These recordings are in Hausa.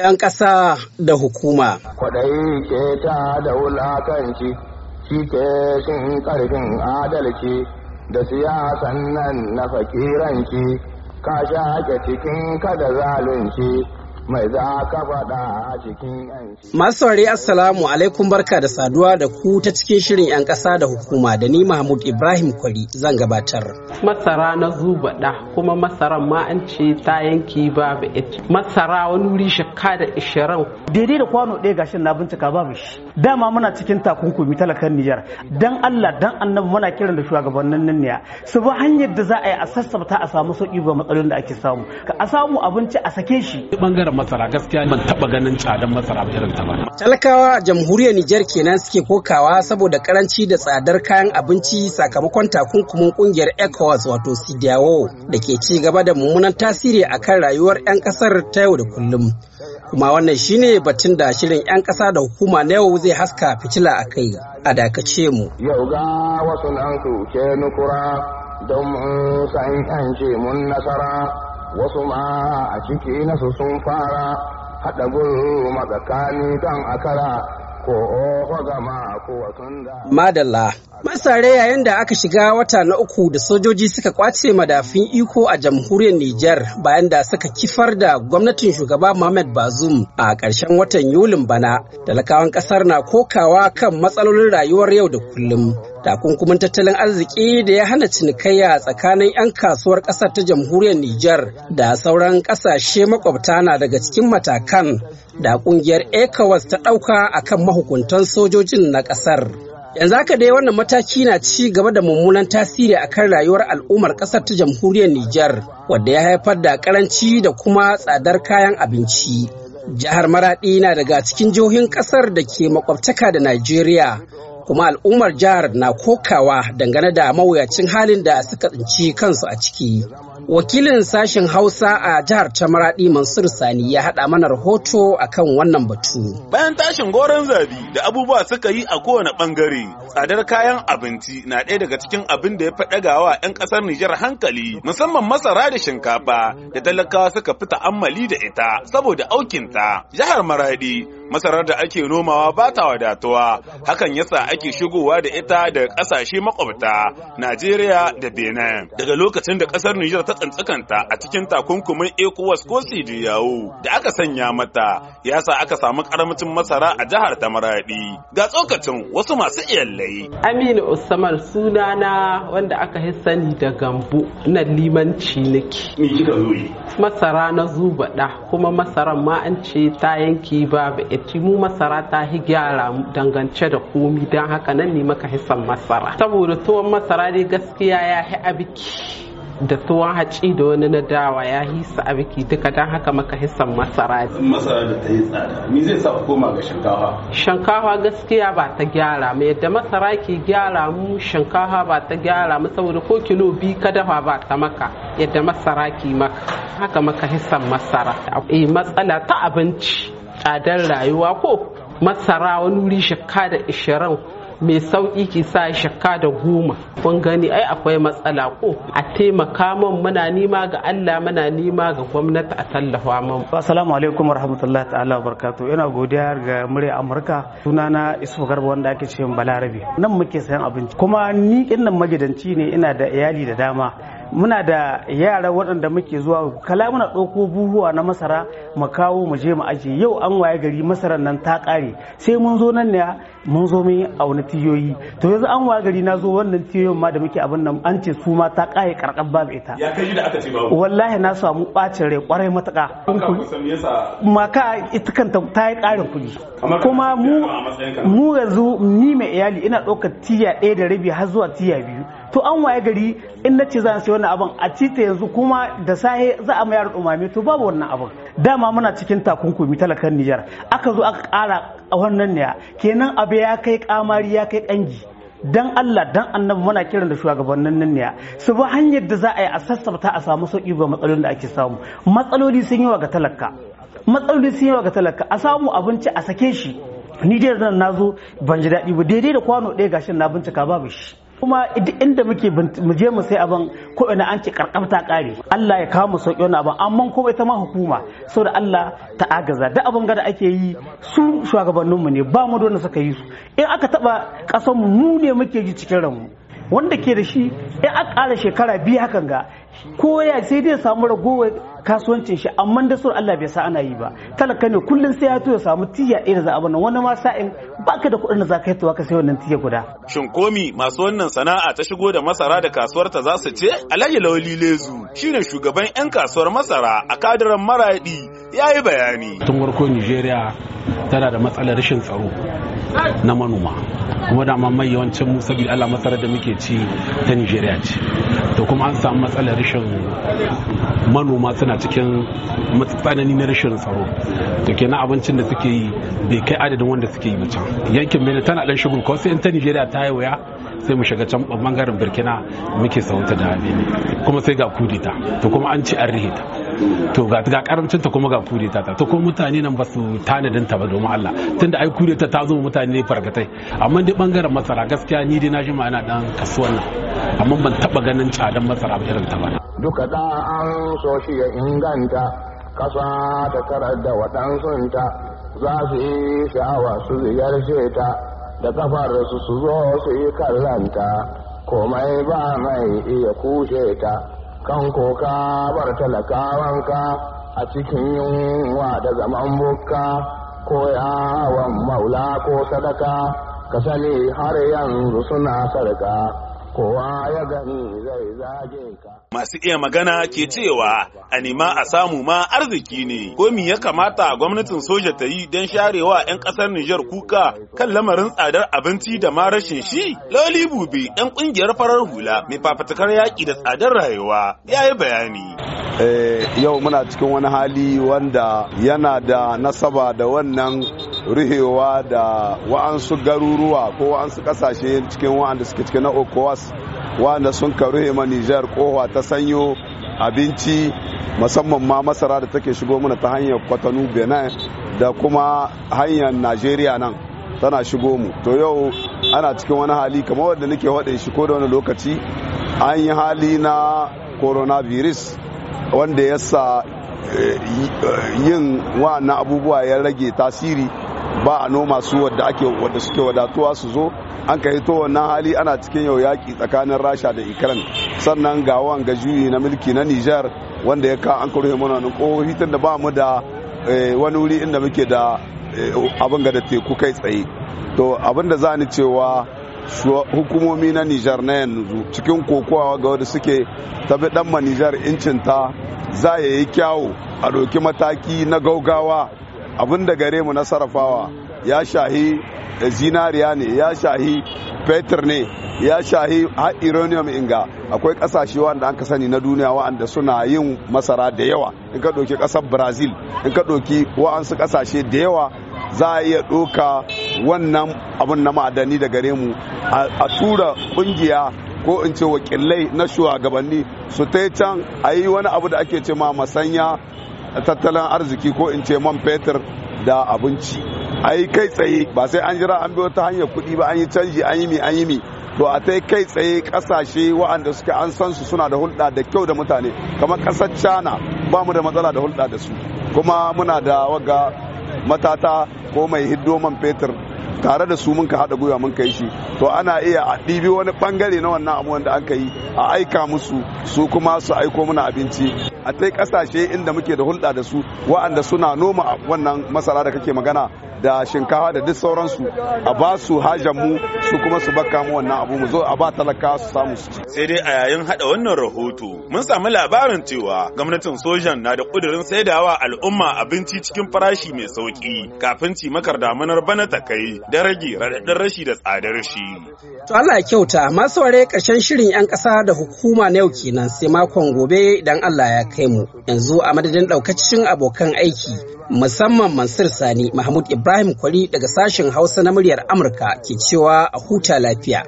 'yan ƙasa da hukuma. Kwaɗayi ke ta da wulakanci, shi ke shin ƙarfin adalci da siyasan nan na fakiranci, ka shaƙe cikin kada zalunci. mai Masu saurari Assalamu alaikum barka da saduwa da ku ta cikin shirin 'yan ƙasa da hukuma da ni Mahmud Ibrahim Kwari zan gabatar. Masara na zubaɗa kuma masaran ma an ce ta yanki babu ita. Masara wani wuri shakka da ishirin. Daidai da kwano ɗaya gashin na bincika babu shi. Dama muna cikin takunkumi talakan Nijar. Dan Allah dan annabi muna kiran da shugabannin nan ne. Su bi hanyar da za a yi a sassabta a samu sauƙi ga matsalolin da ake samu. Ka a samu abinci a sake shi. masara gaskiya ban taba ganin tsadar masara irin ta ba talakawa a jamhuriyar Nijar kenan suke kokawa saboda karanci da tsadar kayan abinci sakamakon takunkumin kungiyar ECOWAS wato CDAO da ke ci gaba da mummunan tasiri akan rayuwar 'yan kasar ta yau da kullum kuma wannan shine batun da shirin 'yan ƙasa da hukuma na yau zai haska fitila a kai a dakace mu yau ga wasu ke nukura don mun san ce mun nasara wasu ma a ciki nasu sun fara haɗa gulma matsakani don akara ko Madalla, masare yayin da aka shiga wata na uku da sojoji suka kwace madafin iko a jamhuriyar Nijar bayan da suka kifar da gwamnatin shugaba Mohamed Bazoum a ƙarshen watan Yulin bana, talakawan ƙasar na kokawa kan matsalolin rayuwar yau da kullum. takunkumin tattalin arziki da ya hana cinikayya tsakanin 'yan kasuwar ƙasar ta jamhuriyar Nijar da sauran ƙasashe makwabta na daga cikin matakan da ƙungiyar ECOWAS ta ɗauka a kan mahukuntan sojojin na ƙasar. Yanzu haka dai wannan mataki na ci gaba da mummunan tasiri a kan rayuwar al'ummar ƙasar ta jamhuriyar Nijar, wadda ya haifar da karanci da kuma tsadar kayan abinci. Jihar Maraɗi na daga cikin jihohin ƙasar da ke makwabtaka da Najeriya. kuma al'ummar jihar na kokawa dangane da mawuyacin halin da suka tsinci kansu a ciki wakilin sashen hausa a jihar tamaradi mansur sani ya haɗa mana rahoto akan wannan batu bayan tashin goron zabi da abubuwa suka yi a kowane ɓangare, tsadar kayan abinci na ɗaya daga cikin abin da ya ɗaga wa 'yan ƙasar nijar hankali musamman masara da shinkafa da talakawa suka fi ta'ammali da ita saboda aukinta jihar maradi masarar da ake nomawa ba ta wadatuwa hakan yasa ake shigowa da ita da ƙasashe makwabta Najeriya da Benin daga lokacin da ƙasar Niger ta tsantsakanta a cikin takunkumin ECOWAS ko CDAO da aka sanya mata yasa aka samu karamcin masara a jihar ta Maradi ga tsokacin wasu masu iyallai Aminu Usman sunana wanda aka yi sani da Gambo na limanci nake me kika zo yi masara na zubaɗa kuma masaran ma an ce ta yanki babu ya ci mu masara ta hi gyara dangance da komi don haka nan ne maka hisan masara saboda tuwon masara dai gaskiya ya hi abiki da tuwon haci da wani na dawa ya su abiki duka don haka maka hisan masara masara da ta yi tsada mi zai sa koma ga shinkafa shinkafa gaskiya ba ta gyara mu yadda masara ke gyara mu shinkafa ba ta gyara mu saboda ko kilo bi ka dafa ba ta maka yadda masara ke maka haka maka hisan masara eh matsala ta abinci tsadar rayuwa ko masara wani wuri shakka da ishirin mai sauƙi ke sa shakka da goma kun gani ai akwai matsala ko a taimaka man muna nima ga Allah muna nima ga gwamnati a tallafa man assalamu alaikum warahmatullahi ta'ala wabarakatuh ina godiya ga murya Amurka Suna na isu Garba wanda ake cewa Balarabe nan muke sayan abinci kuma ni nan magidanci ne ina da iyali da dama muna da yara waɗanda muke zuwa kala muna ɗauko buhuwa na masara mu kawo mu je mu aje yau an waye gari masarar nan ta ƙare sai mun zo nan ne mun zo mun auna tiyoyi to yanzu an waye gari na zo wannan tiyoyin ma da muke abin nan an ce su ma ta ƙare karkar babu ita ya kai da aka ce babu wallahi na samu ɓacin rai kwarai matuƙa maka ita kanta ta yi ƙarin kuɗi kuma mu mu yanzu ni mai iyali ina ɗaukar tiya ɗaya da rabi har zuwa tiya biyu to an waye gari in na ce za a sai wannan abin a cita yanzu kuma da sahe za a mayar umami to babu wannan abin dama muna cikin takunkumi talakan Nijar aka zo aka ƙara wannan ne kenan abu ya kai kamari ya kai kangi dan Allah dan annabi muna kiran da shugabannin nan ne su ba hanyar da za a yi a sassabta a samu sauki ga matsalolin da ake samu matsaloli sun yi wa ga talaka matsaloli sun yi wa ga talaka a samu abinci a sake shi ni dai nan na zo ban ji daɗi ba daidai da kwano ɗaya gashin na bincika babu shi kuma inda muke mu je mu sai abin ko ina an ce karkamta kare Allah ya kawo mu sauki wannan abin amma kuma ita ma hukuma saboda Allah ta agaza da abin da ake yi su shugabannin mu ne ba mu da suka yi su in aka taba kasan mu ne muke ji cikin ranmu wanda ke da shi in aka kara shekara biyu hakan ga ko ya sai dai samu ragowar kasuwancin shi amma da sur Allah bai sa ana yi ba talaka ne kullun sai ya to ya samu tiya irin za nan wani ma sa'in baka da kuɗin da zaka yi yi ka sai wannan tiya guda shin komi masu wannan sana'a ta shigo da masara da kasuwar ta za su ce Alhaji Lawali Lezu shine shugaban yan kasuwar masara a kadiran maradi yayi bayani tun warko Nigeria tana da matsalar rashin tsaro na manoma kuma da mai yawancin mu saboda Allah masarar da muke ci ta Nigeria ce to kuma an samu matsalar rashin manoma suna cikin matsanani na rashin tsaro to na abincin da suke yi bai kai adadin wanda suke yi ba can yankin mai tana dan shigun ko sai ta Nigeria ta yi waya sai mu shiga can bangaren Burkina muke sauta da ne kuma sai ga kudita to kuma an ci an rihita to ga ga karancin ta kuma ga kudeta ta to ko mutane nan ba su tanadin ta ba domin Allah tunda ai kudeta ta zo mutane ne fargatai amma dai bangaren masara gaskiya ni dai na shi ma ina dan kasuwan nan amma ban taba ganin tsadan masara irin ta ba duka da an so shi ya inganta kasa ta karar da ta za su yi sha'awa su ziyarce ta da kafar su su zo su yi kallanta komai ba mai iya kushe ta kan koka bar talakawanka a cikin yunwa da zaman bukka ko yawon maula ko sadaka ka sani har yanzu suna sarka Masu iya magana ke cewa a nema a samu ma arziki ne, ko mi ya kamata gwamnatin soja ta yi don sharewa 'yan ƙasar Nijar kuka kan lamarin tsadar abinci da ma rashin shi? Loli Bube, 'yan ƙungiyar farar hula mai fafatakar yaƙi da tsadar rayuwa, ya yi bayani. Eh, yau muna cikin wani hali wanda yana da nasaba da wannan Ruhewa da wa'ansu garuruwa ko wa'ansu kasashe cikin wa'anda suke cikin na okowas wa'anda sun ka ruhe ma nijar kowa ta sanyo abinci musamman ma masara da take shigo mana ta hanyar kwatanu benin da kuma hanyar najeriya nan tana shigo mu to yau ana cikin wani hali kamar wanda nake waɗe shi ko da wani lokaci an yi hali na coronavirus wanda ya sa eh, eh, yin wa'annan abubuwa ya rage tasiri ba a noma su wadda ake wadda suke wadatuwa su zo an kai to wannan hali ana cikin yau yaki tsakanin rasha da ukraine sannan ga wanga juyi na mulki na Nijar wanda ya ka an karo mana nan tun da ba mu da eh, wani wuri inda muke da eh, abin ga da teku kai tsaye to abin da za ni cewa hukumomi na nijar na yanzu cikin kokowa ga wanda suke tabi dan ma nijar incinta za ya yi kyawu a ɗauki mataki na gaugawa abin da gare mu na sarrafawa ya shahi eh, zinariya ne ya shahi fetur ne ya shahi har ironium inga akwai kasashe wanda an ka sani na duniya wa'anda suna yin masara da yawa in ka ɗauki ƙasar brazil in ka ɗauki wa'ansu ƙasashe da yawa za a iya ɗoka wannan abin na ma'adani da gare mu a tura ƙungiya ko in ce wakilai na shugabanni su ta can a yi wani abu da ake ce ma masanya tattalin arziki ko in ce man fetur da abinci a yi kai tsaye ba sai an jira an biyo ta hanyar kuɗi ba an yi canji an yi mi an yi mi to a ta kai tsaye kasashe waɗanda suke an san su suna da hulɗa da kyau da mutane kamar ƙasar china ba mu da matsala da hulɗa da su kuma muna da waga matata ko mai hiddo man fetur tare da su mun ka haɗa gwiwa mun kai shi to ana iya a ɗibi wani ɓangare na wannan abu wanda aka yi a aika musu su kuma su aiko muna abinci a yi kasashe inda muke da hulɗa da su wa'anda suna noma wannan masara da kake magana da shinkafa da duk sauransu a ba su hajar mu su kuma su baka mu wannan abu mu zo a ba talaka su samu su ci sai dai a yayin hada wannan rahoto mun samu labarin cewa gwamnatin sojan na da kudirin saidawa al'umma abinci cikin farashi mai sauki kafin cimakar damunar bana ta kai da rage rashi da tsadar shi to Allah ya kyauta masu ware ƙarshen shirin 'yan ƙasa da hukuma na yau kenan sai makon gobe idan Allah ya kai mu yanzu a madadin ɗaukacin abokan aiki musamman Mansur Sani Mahmud Ibrahim Ibrahim Kwari daga sashen Hausa na muryar Amurka ke cewa a huta lafiya.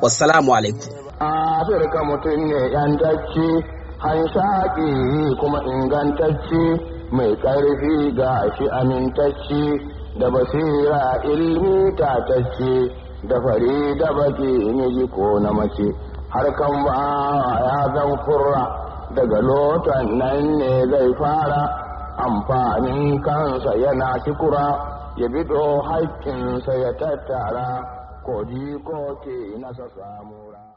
Wassalamu alaikum. Afirka mutum ne yantacce, hanshaƙi kuma ingantacci mai ƙarfi ga shi amintacci, da basira ilmi tatacce, da fari da baki miji ko na mace, harkan ba ya zan kurra daga lotan nan ne zai fara. amfanin kansa yana kikura ya bido haƙƙinsa ya tattara, ko ke nasa samura.